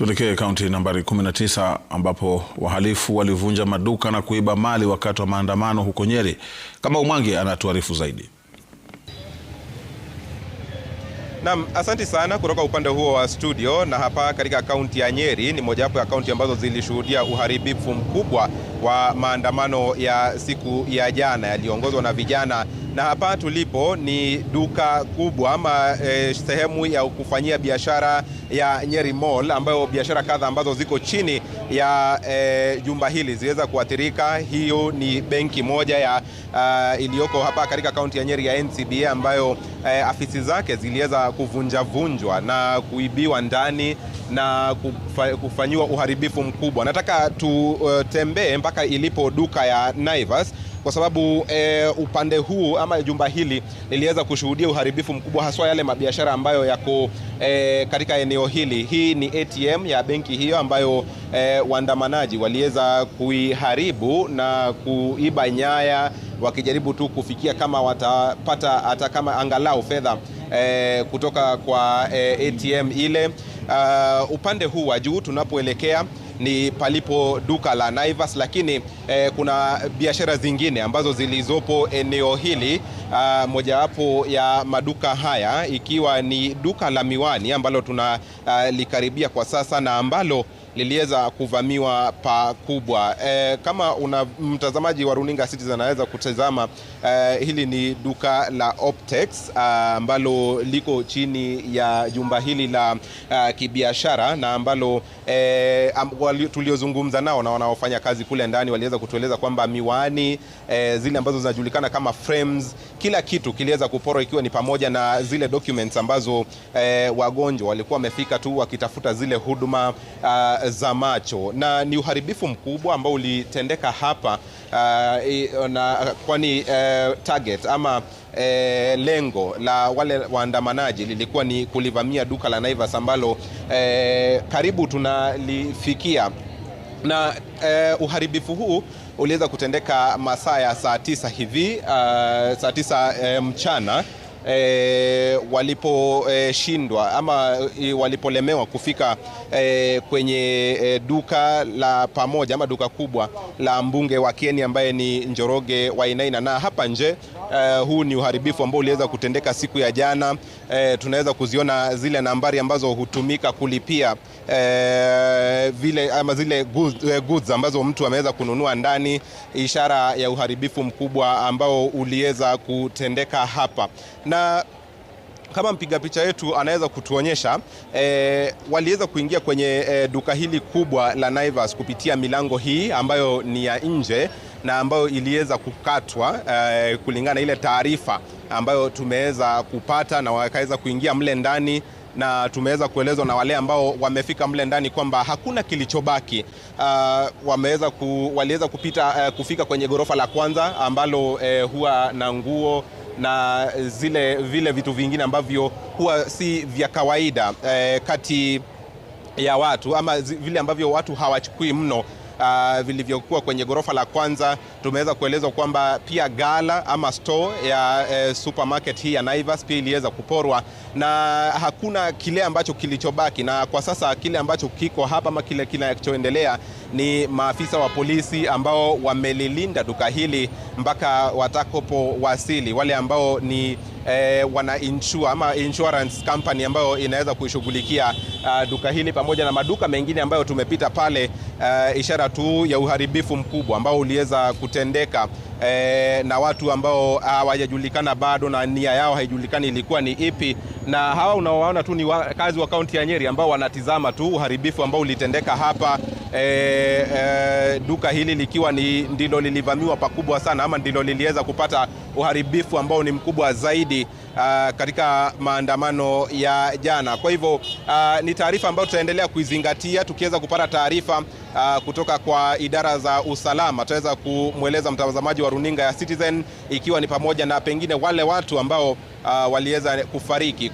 Tuelekee kaunti nambari 19 ambapo wahalifu walivunja maduka na kuiba mali wakati wa maandamano huko Nyeri. Kama Umwangi anatuarifu zaidi. Naam, asante sana kutoka upande huo wa studio. Na hapa katika kaunti ya Nyeri ni mojawapo ya kaunti ambazo zilishuhudia uharibifu mkubwa wa maandamano ya siku ya jana yaliyoongozwa na vijana na hapa tulipo ni duka kubwa ama e, sehemu ya kufanyia biashara ya Nyeri Mall ambayo biashara kadha ambazo ziko chini ya e, jumba hili ziliweza kuathirika. Hiyo ni benki moja ya uh, iliyoko hapa katika kaunti ya Nyeri ya NCBA ambayo e, afisi zake ziliweza kuvunjavunjwa na kuibiwa ndani na kufanyiwa uharibifu mkubwa. Nataka tutembee uh, mpaka ilipo duka ya Naivas kwa sababu e, upande huu ama jumba hili liliweza kushuhudia uharibifu mkubwa, haswa yale mabiashara ambayo yako e, katika eneo hili. Hii ni ATM ya benki hiyo ambayo e, waandamanaji waliweza kuiharibu na kuiba nyaya, wakijaribu tu kufikia kama watapata hata kama angalau fedha e, kutoka kwa e, ATM ile. Uh, upande huu wa juu tunapoelekea ni palipo duka la Naivas, lakini eh, kuna biashara zingine ambazo zilizopo eneo hili ah, mojawapo ya maduka haya ikiwa ni duka la miwani ambalo tunalikaribia ah, kwa sasa na ambalo liliweza kuvamiwa pakubwa. E, kama una mtazamaji wa runinga Citizen anaweza kutazama e, hili ni duka la Optex ah, ambalo liko chini ya jumba hili la a, ah, kibiashara na ambalo e, eh, amb tuliozungumza nao na wanaofanya kazi kule ndani waliweza kutueleza kwamba miwani e, zile ambazo zinajulikana kama frames, kila kitu kiliweza kuporwa, ikiwa ni pamoja na zile documents ambazo e, wagonjwa walikuwa wamefika tu wakitafuta zile huduma a, ah, za macho, na ni uharibifu mkubwa ambao ulitendeka hapa uh, na, kwani uh, target ama E, lengo la wale waandamanaji lilikuwa ni kulivamia duka la Naivas ambalo e, karibu tunalifikia na e, uharibifu huu uliweza kutendeka masaa ya saa tisa hivi, uh, saa tisa e, mchana e, waliposhindwa e, ama e, walipolemewa kufika e, kwenye e, duka la pamoja ama duka kubwa la mbunge wa Kieni ambaye ni Njoroge Wainaina, na hapa nje Uh, huu ni uharibifu ambao uliweza kutendeka siku ya jana. Uh, tunaweza kuziona zile nambari ambazo hutumika kulipia uh, vile ama zile goods, uh, goods ambazo mtu ameweza kununua ndani, ishara ya uharibifu mkubwa ambao uliweza kutendeka hapa na kama mpiga picha yetu anaweza kutuonyesha e, waliweza kuingia kwenye e, duka hili kubwa la Naivas kupitia milango hii ambayo ni ya nje na ambayo iliweza kukatwa eh, kulingana na ile taarifa ambayo tumeweza kupata na wakaweza kuingia mle ndani na tumeweza kuelezwa na wale ambao wamefika mle ndani kwamba hakuna kilichobaki. Uh, wameweza ku, waliweza kupita uh, kufika kwenye ghorofa la kwanza ambalo uh, huwa na nguo na zile vile vitu vingine ambavyo huwa si vya kawaida uh, kati ya watu ama vile ambavyo watu hawachukui mno uh, vilivyokuwa kwenye ghorofa la kwanza. Tumeweza kuelezwa kwamba pia gala ama store ya eh, supermarket hii ya Naivas pia iliweza kuporwa na hakuna kile ambacho kilichobaki, na kwa sasa kile ambacho kiko hapa ama kile kinachoendelea ni maafisa wa polisi ambao wamelilinda duka hili mpaka watakapowasili wale ambao ni eh, wana insure ama insurance company ambayo inaweza kuishughulikia uh, duka hili pamoja na maduka mengine ambayo tumepita pale, uh, ishara tu ya uharibifu mkubwa ambao uliweza kutendeka e, na watu ambao hawajajulikana bado na nia yao haijulikani ilikuwa ni ipi, na hawa unaowaona tu ni wakazi wa kaunti ya Nyeri ambao wanatizama tu uharibifu ambao ulitendeka hapa. E, e, duka hili likiwa ni ndilo lilivamiwa pakubwa sana ama ndilo liliweza kupata uharibifu ambao ni mkubwa zaidi a, ah, katika maandamano ya jana. Kwa hivyo ah, ni taarifa ambayo tutaendelea kuizingatia tukiweza kupata taarifa uh, kutoka kwa idara za usalama. tunaweza kumweleza mtazamaji wa runinga ya Citizen, ikiwa ni pamoja na pengine wale watu ambao uh, waliweza kufariki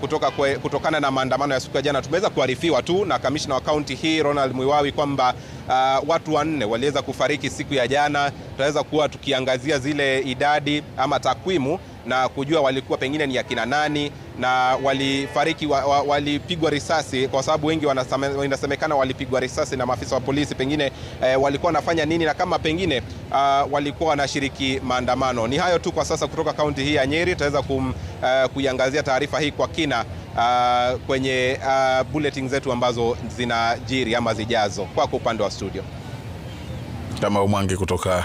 kutoka kwe, kutokana na maandamano ya siku ya jana. Tumeweza kuarifiwa tu na kamishna wa kaunti hii Ronald Mwiwawi kwamba uh, watu wanne waliweza kufariki siku ya jana. Tutaweza kuwa tukiangazia zile idadi ama takwimu na kujua walikuwa pengine ni akina nani na walifariki wa, wa, walipigwa risasi kwa sababu wengi inasemekana walipigwa risasi na maafisa wa polisi, pengine eh, walikuwa wanafanya nini na kama pengine uh, walikuwa wanashiriki maandamano. Ni hayo tu kwa sasa kutoka kaunti hii ya Nyeri. Tutaweza uh, kuiangazia taarifa hii kwa kina uh, kwenye uh, bulletin zetu ambazo zinajiri ama zijazo. Kwako upande wa studio, Kamau Mwangi kutoka